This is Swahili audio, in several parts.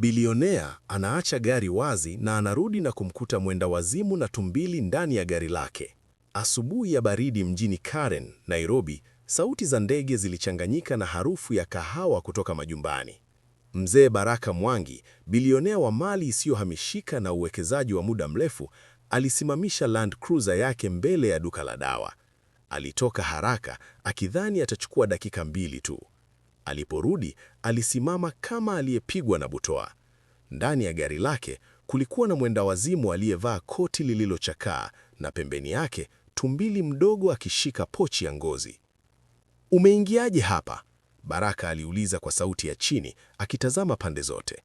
Bilionea anaacha gari wazi na anarudi na kumkuta mwenda wazimu na tumbili ndani ya gari lake. Asubuhi ya baridi mjini Karen, Nairobi, sauti za ndege zilichanganyika na harufu ya kahawa kutoka majumbani. Mzee Baraka Mwangi, bilionea wa mali isiyohamishika na uwekezaji wa muda mrefu, alisimamisha Land Cruiser yake mbele ya duka la dawa. Alitoka haraka akidhani atachukua dakika mbili tu. Aliporudi alisimama kama aliyepigwa na butoa Ndani ya gari lake kulikuwa na mwendawazimu aliyevaa koti lililochakaa na pembeni yake tumbili mdogo akishika pochi ya ngozi. Umeingiaje hapa? Baraka aliuliza kwa sauti ya chini, akitazama pande zote.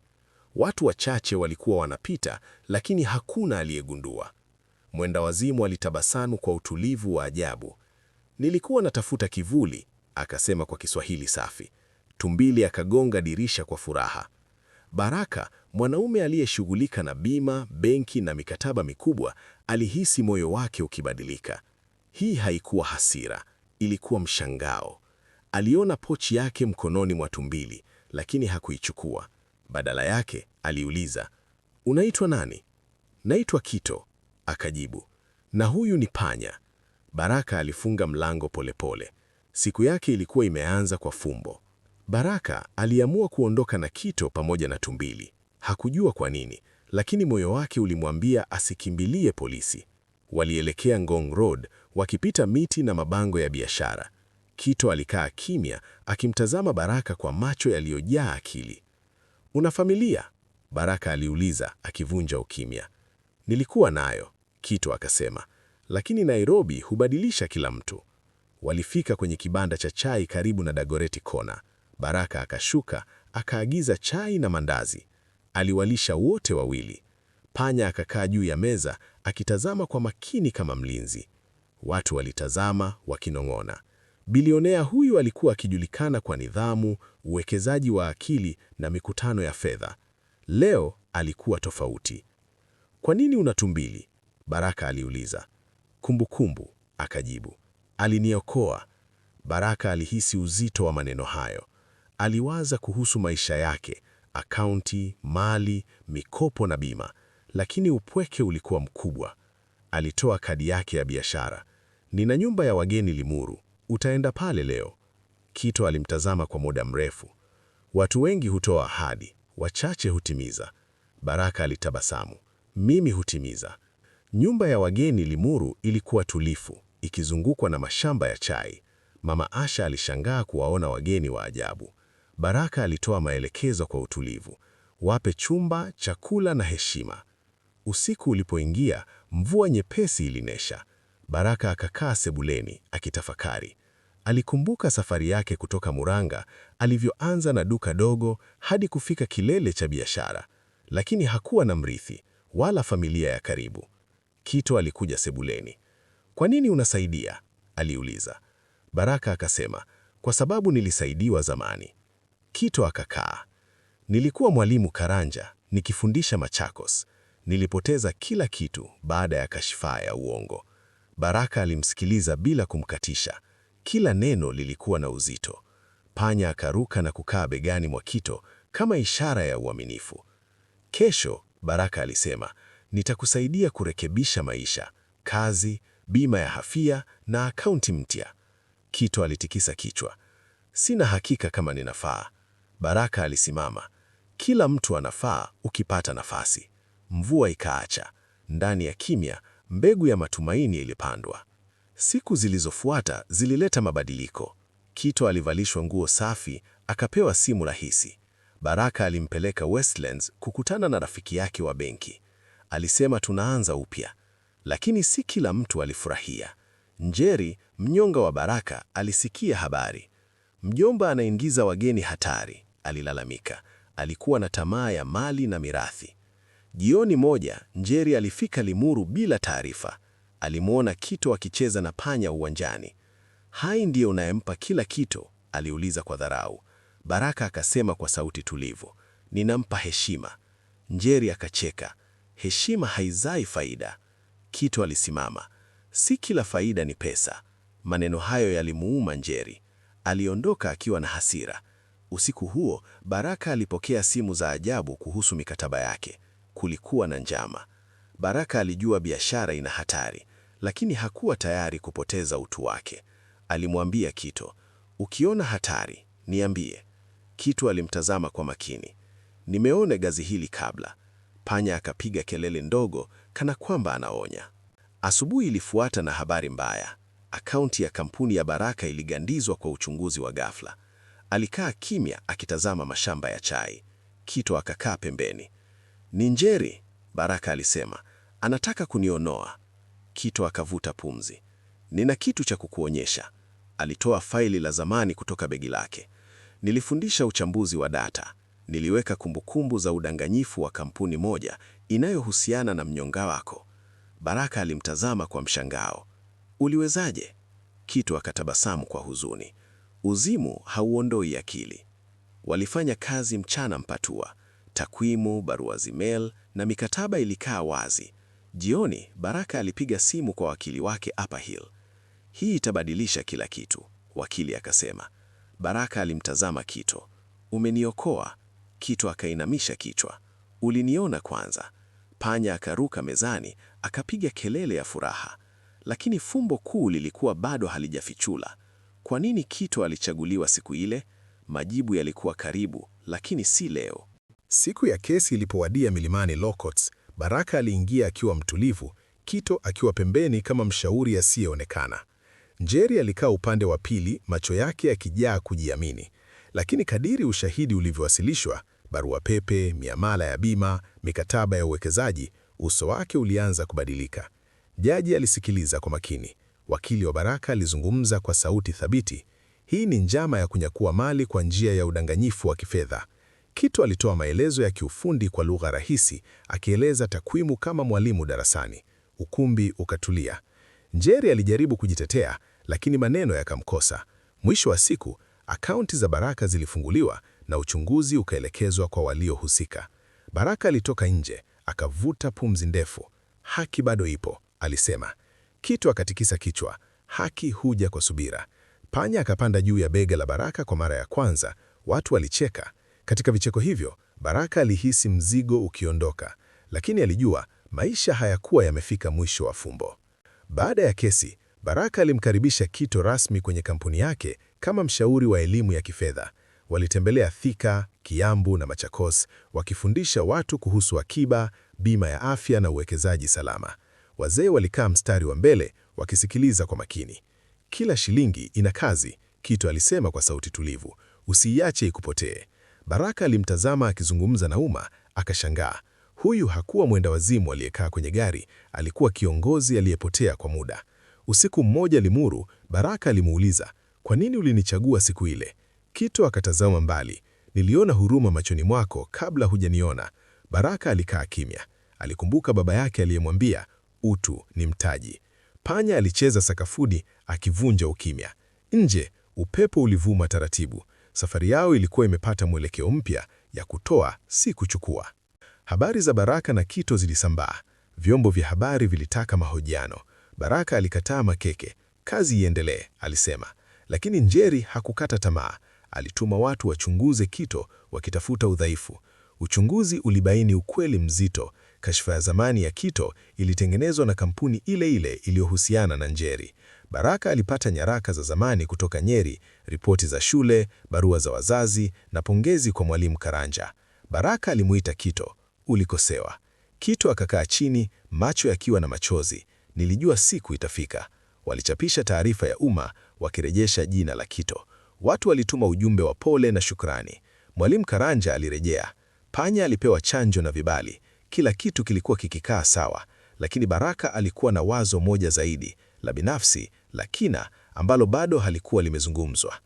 Watu wachache walikuwa wanapita, lakini hakuna aliyegundua. Mwendawazimu alitabasamu kwa utulivu wa ajabu. Nilikuwa natafuta kivuli, akasema kwa Kiswahili safi. Tumbili akagonga dirisha kwa furaha. Baraka, mwanaume aliyeshughulika na bima, benki na mikataba mikubwa, alihisi moyo wake ukibadilika. Hii haikuwa hasira, ilikuwa mshangao. Aliona pochi yake mkononi mwa Tumbili, lakini hakuichukua. Badala yake aliuliza, unaitwa nani? Naitwa Kito, akajibu. Na huyu ni panya. Baraka alifunga mlango polepole. Siku yake ilikuwa imeanza kwa fumbo. Baraka aliamua kuondoka na Kito pamoja na tumbili. Hakujua kwa nini, lakini moyo wake ulimwambia asikimbilie polisi. Walielekea Ngong Road wakipita miti na mabango ya biashara. Kito alikaa kimya akimtazama Baraka kwa macho yaliyojaa akili. Una familia? Baraka aliuliza akivunja ukimya. Nilikuwa nayo, Kito akasema, lakini Nairobi hubadilisha kila mtu. Walifika kwenye kibanda cha chai karibu na Dagoretti Corner. Baraka akashuka akaagiza chai na mandazi. Aliwalisha wote wawili. Panya akakaa juu ya meza akitazama kwa makini kama mlinzi. Watu walitazama wakinong'ona. Bilionea huyu alikuwa akijulikana kwa nidhamu, uwekezaji wa akili na mikutano ya fedha. Leo alikuwa tofauti. Kwa nini unatumbili? Baraka aliuliza. Kumbukumbu, akajibu. Aliniokoa. Baraka alihisi uzito wa maneno hayo. Aliwaza kuhusu maisha yake, akaunti, mali, mikopo na bima, lakini upweke ulikuwa mkubwa. Alitoa kadi yake ya biashara. Nina nyumba ya wageni Limuru, utaenda pale leo? Kito alimtazama kwa muda mrefu. Watu wengi hutoa ahadi, wachache hutimiza. Baraka alitabasamu. Mimi hutimiza. Nyumba ya wageni Limuru ilikuwa tulifu, ikizungukwa na mashamba ya chai. Mama Asha alishangaa kuwaona wageni wa ajabu. Baraka alitoa maelekezo kwa utulivu: wape chumba, chakula na heshima. Usiku ulipoingia, mvua nyepesi ilinesha Baraka akakaa sebuleni akitafakari. Alikumbuka safari yake kutoka Murang'a, alivyoanza na duka dogo hadi kufika kilele cha biashara, lakini hakuwa na mrithi wala familia ya karibu. Kito alikuja sebuleni. Kwa nini unasaidia? aliuliza. Baraka akasema, kwa sababu nilisaidiwa zamani. Kito akakaa. Nilikuwa mwalimu Karanja nikifundisha Machakos. Nilipoteza kila kitu baada ya kashifaa ya uongo. Baraka alimsikiliza bila kumkatisha. Kila neno lilikuwa na uzito. Panya akaruka na kukaa begani mwa Kito kama ishara ya uaminifu. Kesho Baraka alisema, nitakusaidia kurekebisha maisha, kazi, bima ya afya na akaunti mpya. Kito alitikisa kichwa. Sina hakika kama ninafaa. Baraka alisimama. Kila mtu anafaa ukipata nafasi. Mvua ikaacha. Ndani ya kimya, mbegu ya matumaini ilipandwa. Siku zilizofuata zilileta mabadiliko. Kito alivalishwa nguo safi, akapewa simu rahisi. Baraka alimpeleka Westlands kukutana na rafiki yake wa benki. Alisema tunaanza upya, lakini si kila mtu alifurahia. Njeri, mnyonga wa Baraka, alisikia habari, mjomba anaingiza wageni hatari alilalamika. Alikuwa na tamaa ya mali na mirathi. Jioni moja, Njeri alifika Limuru bila taarifa. Alimwona Kito akicheza na panya uwanjani. Hai ndiyo unayempa kila kito aliuliza kwa dharau. Baraka akasema kwa sauti tulivu, ninampa heshima. Njeri akacheka, heshima haizai faida. Kito alisimama, si kila faida ni pesa. Maneno hayo yalimuuma Njeri. Aliondoka akiwa na hasira. Usiku huo Baraka alipokea simu za ajabu kuhusu mikataba yake. Kulikuwa na njama. Baraka alijua biashara ina hatari, lakini hakuwa tayari kupoteza utu wake. Alimwambia Kito, ukiona hatari niambie. Kito alimtazama kwa makini. Nimeona gazi hili kabla. Panya akapiga kelele ndogo, kana kwamba anaonya. Asubuhi ilifuata na habari mbaya. Akaunti ya kampuni ya Baraka iligandizwa kwa uchunguzi wa ghafla. Alikaa kimya akitazama mashamba ya chai. Kito akakaa pembeni. Ni Njeri, Baraka alisema, anataka kunionoa. Kito akavuta pumzi. Nina kitu cha kukuonyesha. Alitoa faili la zamani kutoka begi lake. Nilifundisha uchambuzi wa data. Niliweka kumbukumbu za udanganyifu wa kampuni moja inayohusiana na mnyonga wako. Baraka alimtazama kwa mshangao. Uliwezaje? Kito akatabasamu kwa huzuni. Uzimu hauondoi akili. Walifanya kazi mchana mpatua, takwimu, barua zimel na mikataba ilikaa wazi. Jioni Baraka alipiga simu kwa wakili wake Upper Hill. Hii itabadilisha kila kitu, wakili akasema. Baraka alimtazama Kito. Umeniokoa. Kito akainamisha kichwa. Uliniona kwanza. Panya akaruka mezani, akapiga kelele ya furaha. Lakini fumbo kuu lilikuwa bado halijafichula. Kwa nini Kito alichaguliwa siku ile? Majibu yalikuwa karibu, lakini si leo. Siku ya kesi ilipowadia milimani Lokots, Baraka aliingia akiwa mtulivu, Kito akiwa pembeni kama mshauri asiyeonekana. Njeri alikaa upande wa pili, macho yake yakijaa kujiamini. Lakini kadiri ushahidi ulivyowasilishwa, barua pepe, miamala ya bima, mikataba ya uwekezaji, uso wake ulianza kubadilika. Jaji alisikiliza kwa makini wakili wa Baraka alizungumza kwa sauti thabiti. Hii ni njama ya kunyakua mali kwa njia ya udanganyifu wa kifedha. Kitu alitoa maelezo ya kiufundi kwa lugha rahisi, akieleza takwimu kama mwalimu darasani. Ukumbi ukatulia. Njeri alijaribu kujitetea, lakini maneno yakamkosa. Mwisho wa siku, akaunti za Baraka zilifunguliwa na uchunguzi ukaelekezwa kwa waliohusika. Baraka alitoka nje, akavuta pumzi ndefu. Haki bado ipo, alisema. Kitu akatikisa kichwa, haki huja kwa subira. Panya akapanda juu ya bega la Baraka kwa mara ya kwanza, watu walicheka. Katika vicheko hivyo, Baraka alihisi mzigo ukiondoka, lakini alijua maisha hayakuwa yamefika mwisho wa fumbo. Baada ya kesi, Baraka alimkaribisha Kito rasmi kwenye kampuni yake kama mshauri wa elimu ya kifedha. Walitembelea Thika, Kiambu na Machakos wakifundisha watu kuhusu akiba, bima ya afya na uwekezaji salama. Wazee walikaa mstari wa mbele wakisikiliza kwa makini. Kila shilingi ina kazi, Kito alisema kwa sauti tulivu, usiiache ikupotee. Baraka alimtazama akizungumza na umma, akashangaa. Huyu hakuwa mwenda wazimu aliyekaa kwenye gari, alikuwa kiongozi aliyepotea kwa muda. Usiku mmoja Limuru, Baraka alimuuliza, kwa nini ulinichagua siku ile? Kito akatazama mbali. Niliona huruma machoni mwako kabla hujaniona. Baraka alikaa kimya. Alikumbuka baba yake aliyemwambia utu ni mtaji. Panya alicheza sakafuni akivunja ukimya. Nje upepo ulivuma taratibu. Safari yao ilikuwa imepata mwelekeo mpya, ya kutoa si kuchukua. Habari za Baraka na Kito zilisambaa. Vyombo vya habari vilitaka mahojiano. Baraka alikataa makeke. Kazi iendelee, alisema. Lakini Njeri hakukata tamaa. Alituma watu wachunguze Kito wakitafuta udhaifu. Uchunguzi ulibaini ukweli mzito kashfa ya zamani ya Kito ilitengenezwa na kampuni ile ile iliyohusiana na Njeri. Baraka alipata nyaraka za zamani kutoka Nyeri, ripoti za shule, barua za wazazi na pongezi kwa Mwalimu Karanja. Baraka alimuita Kito, ulikosewa. Kito akakaa chini, macho yakiwa na machozi. Nilijua siku itafika. Walichapisha taarifa ya umma wakirejesha jina la Kito. Watu walituma ujumbe wa pole na shukrani. Mwalimu Karanja alirejea. Panya alipewa chanjo na vibali. Kila kitu kilikuwa kikikaa sawa, lakini Baraka alikuwa na wazo moja zaidi, la binafsi, la kina, ambalo bado halikuwa limezungumzwa.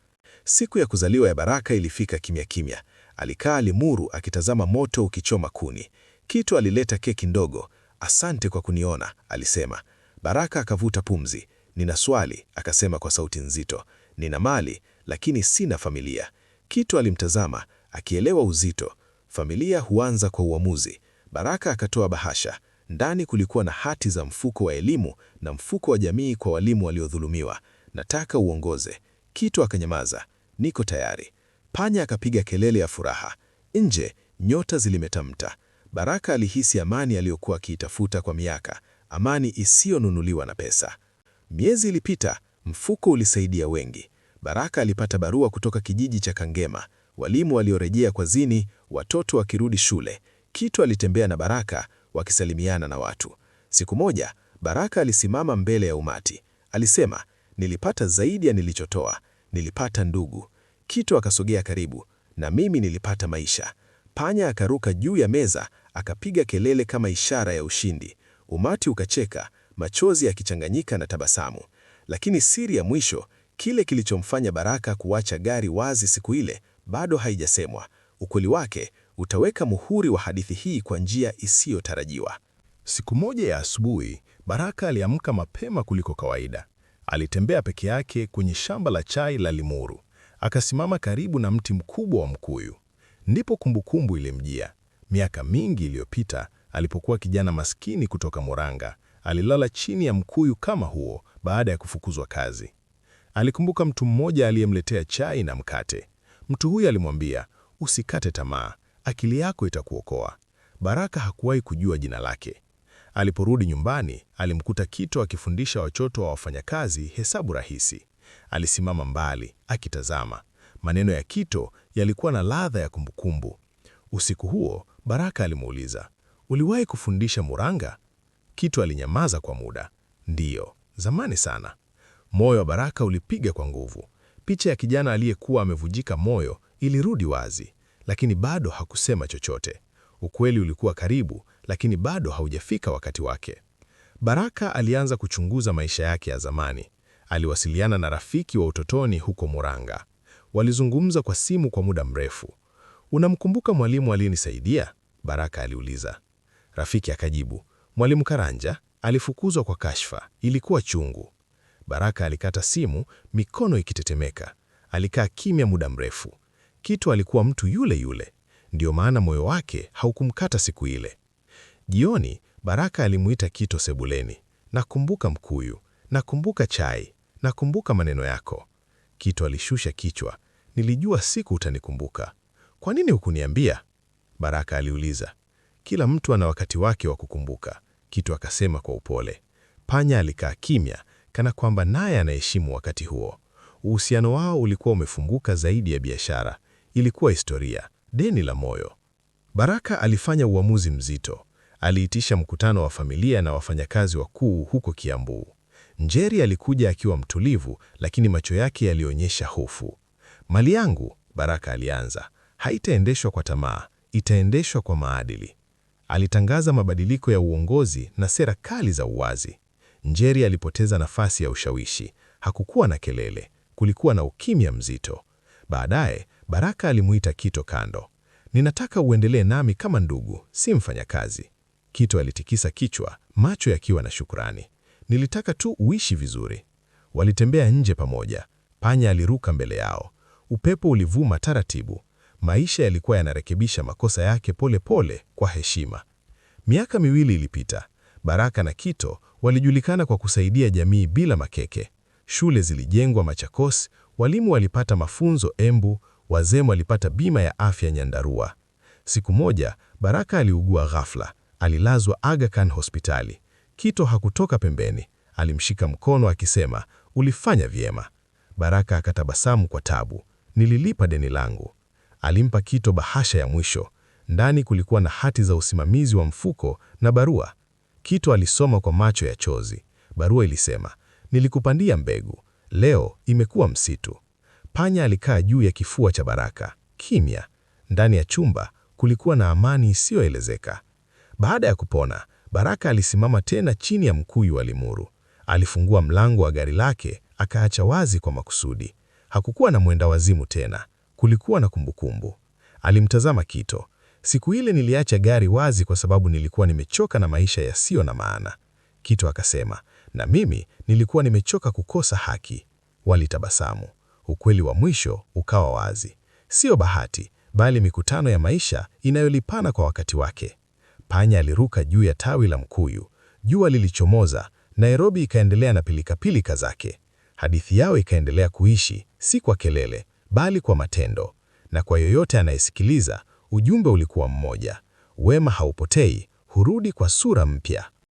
Siku ya kuzaliwa ya Baraka ilifika kimya kimya. Alikaa Limuru akitazama moto ukichoma kuni. Kitu alileta keki ndogo. Asante kwa kuniona, alisema. Baraka akavuta pumzi. Nina swali, akasema kwa sauti nzito. Nina mali, lakini sina familia. Kitu alimtazama, akielewa uzito. Familia huanza kwa uamuzi. Baraka akatoa bahasha. Ndani kulikuwa na hati za mfuko wa elimu na mfuko wa jamii kwa walimu waliodhulumiwa. Nataka uongoze. Kitu akanyamaza. Niko tayari. Panya akapiga kelele ya furaha. Nje nyota zilimetamta. Baraka alihisi amani aliyokuwa akiitafuta kwa miaka, amani isiyonunuliwa na pesa. Miezi ilipita, mfuko ulisaidia wengi. Baraka alipata barua kutoka kijiji cha Kangema, walimu waliorejea kwa zini, watoto wakirudi shule. Kitu alitembea na Baraka wakisalimiana na watu. Siku moja Baraka alisimama mbele ya umati, alisema, nilipata zaidi ya nilichotoa, nilipata ndugu. Kitu akasogea karibu, na mimi nilipata maisha. Panya akaruka juu ya meza, akapiga kelele kama ishara ya ushindi. Umati ukacheka, machozi yakichanganyika na tabasamu. Lakini siri ya mwisho, kile kilichomfanya Baraka kuacha gari wazi siku ile, bado haijasemwa. Ukweli wake utaweka muhuri wa hadithi hii kwa njia isiyotarajiwa. Siku moja ya asubuhi, Baraka aliamka mapema kuliko kawaida. Alitembea peke yake kwenye shamba la chai la Limuru, akasimama karibu na mti mkubwa wa mkuyu. Ndipo kumbukumbu ilimjia. Miaka mingi iliyopita, alipokuwa kijana maskini kutoka Murang'a, alilala chini ya mkuyu kama huo baada ya kufukuzwa kazi. Alikumbuka mtu mmoja aliyemletea chai na mkate. Mtu huyo alimwambia, usikate tamaa, akili yako itakuokoa. Baraka hakuwahi kujua jina lake. Aliporudi nyumbani, alimkuta Kito akifundisha wachoto wa wafanyakazi hesabu rahisi. Alisimama mbali akitazama. Maneno ya Kito yalikuwa na ladha ya kumbukumbu. Usiku huo, Baraka alimuuliza, uliwahi kufundisha Muranga? Kito alinyamaza kwa muda. Ndiyo, zamani sana. Moyo wa Baraka ulipiga kwa nguvu. Picha ya kijana aliyekuwa amevujika moyo ilirudi wazi lakini bado hakusema chochote. Ukweli ulikuwa karibu, lakini bado haujafika wakati wake. Baraka alianza kuchunguza maisha yake ya zamani. Aliwasiliana na rafiki wa utotoni huko Muranga. Walizungumza kwa simu kwa muda mrefu. Unamkumbuka mwalimu aliyenisaidia? Baraka aliuliza. Rafiki akajibu, Mwalimu Karanja alifukuzwa kwa kashfa, ilikuwa chungu. Baraka alikata simu, mikono ikitetemeka. Alikaa kimya muda mrefu. Kitu alikuwa mtu yule yule, ndio maana moyo wake haukumkata siku ile. Jioni Baraka alimuita Kito sebuleni. Nakumbuka mkuyu, nakumbuka chai, nakumbuka maneno yako. Kito alishusha kichwa. Nilijua siku utanikumbuka. Kwa nini hukuniambia? Baraka aliuliza. Kila mtu ana wakati wake wa kukumbuka, Kito akasema kwa upole. Panya alikaa kimya, kana kwamba naye anaheshimu wakati huo. Uhusiano wao ulikuwa umefunguka zaidi ya biashara. Ilikuwa historia, deni la moyo. Baraka alifanya uamuzi mzito. Aliitisha mkutano wa familia na wafanyakazi wakuu huko Kiambu. Njeri alikuja akiwa mtulivu, lakini macho yake yalionyesha hofu. Mali yangu, Baraka alianza, haitaendeshwa kwa tamaa, itaendeshwa kwa maadili. Alitangaza mabadiliko ya uongozi na sera kali za uwazi. Njeri alipoteza nafasi ya ushawishi. Hakukuwa na kelele, kulikuwa na ukimya mzito. Baadaye Baraka alimuita Kito kando. Ninataka uendelee nami kama ndugu, si mfanyakazi. Kito alitikisa kichwa, macho yakiwa na shukrani. Nilitaka tu uishi vizuri. Walitembea nje pamoja. Panya aliruka mbele yao. Upepo ulivuma taratibu. Maisha yalikuwa yanarekebisha makosa yake pole pole, kwa heshima. Miaka miwili ilipita. Baraka na Kito walijulikana kwa kusaidia jamii bila makeke. Shule zilijengwa Machakos, Walimu walipata mafunzo Embu, wazee walipata bima ya afya Nyandarua. Siku moja Baraka aliugua ghafla, alilazwa Aga Khan hospitali. Kito hakutoka pembeni, alimshika mkono akisema, ulifanya vyema. Baraka akatabasamu kwa tabu, nililipa deni langu. Alimpa Kito bahasha ya mwisho. Ndani kulikuwa na hati za usimamizi wa mfuko na barua. Kito alisoma kwa macho ya chozi. Barua ilisema, nilikupandia mbegu Leo imekuwa msitu. Panya alikaa juu ya kifua cha Baraka, kimya. Ndani ya chumba kulikuwa na amani isiyoelezeka. Baada ya kupona, Baraka alisimama tena chini ya mkuyu wa limuru. Alifungua mlango wa gari lake, akaacha wazi kwa makusudi. Hakukuwa na mwenda wazimu tena, kulikuwa na kumbukumbu. Alimtazama Kito. Siku ile niliacha gari wazi kwa sababu nilikuwa nimechoka na maisha yasiyo na maana. Kito akasema, na mimi nilikuwa nimechoka kukosa haki. Walitabasamu. Ukweli wa mwisho ukawa wazi, sio bahati, bali mikutano ya maisha inayolipana kwa wakati wake. Panya aliruka juu ya tawi la mkuyu, jua lilichomoza, Nairobi ikaendelea na pilikapilika zake. Hadithi yao ikaendelea kuishi, si kwa kelele, bali kwa matendo. Na kwa yoyote anayesikiliza, ujumbe ulikuwa mmoja: wema haupotei, hurudi kwa sura mpya.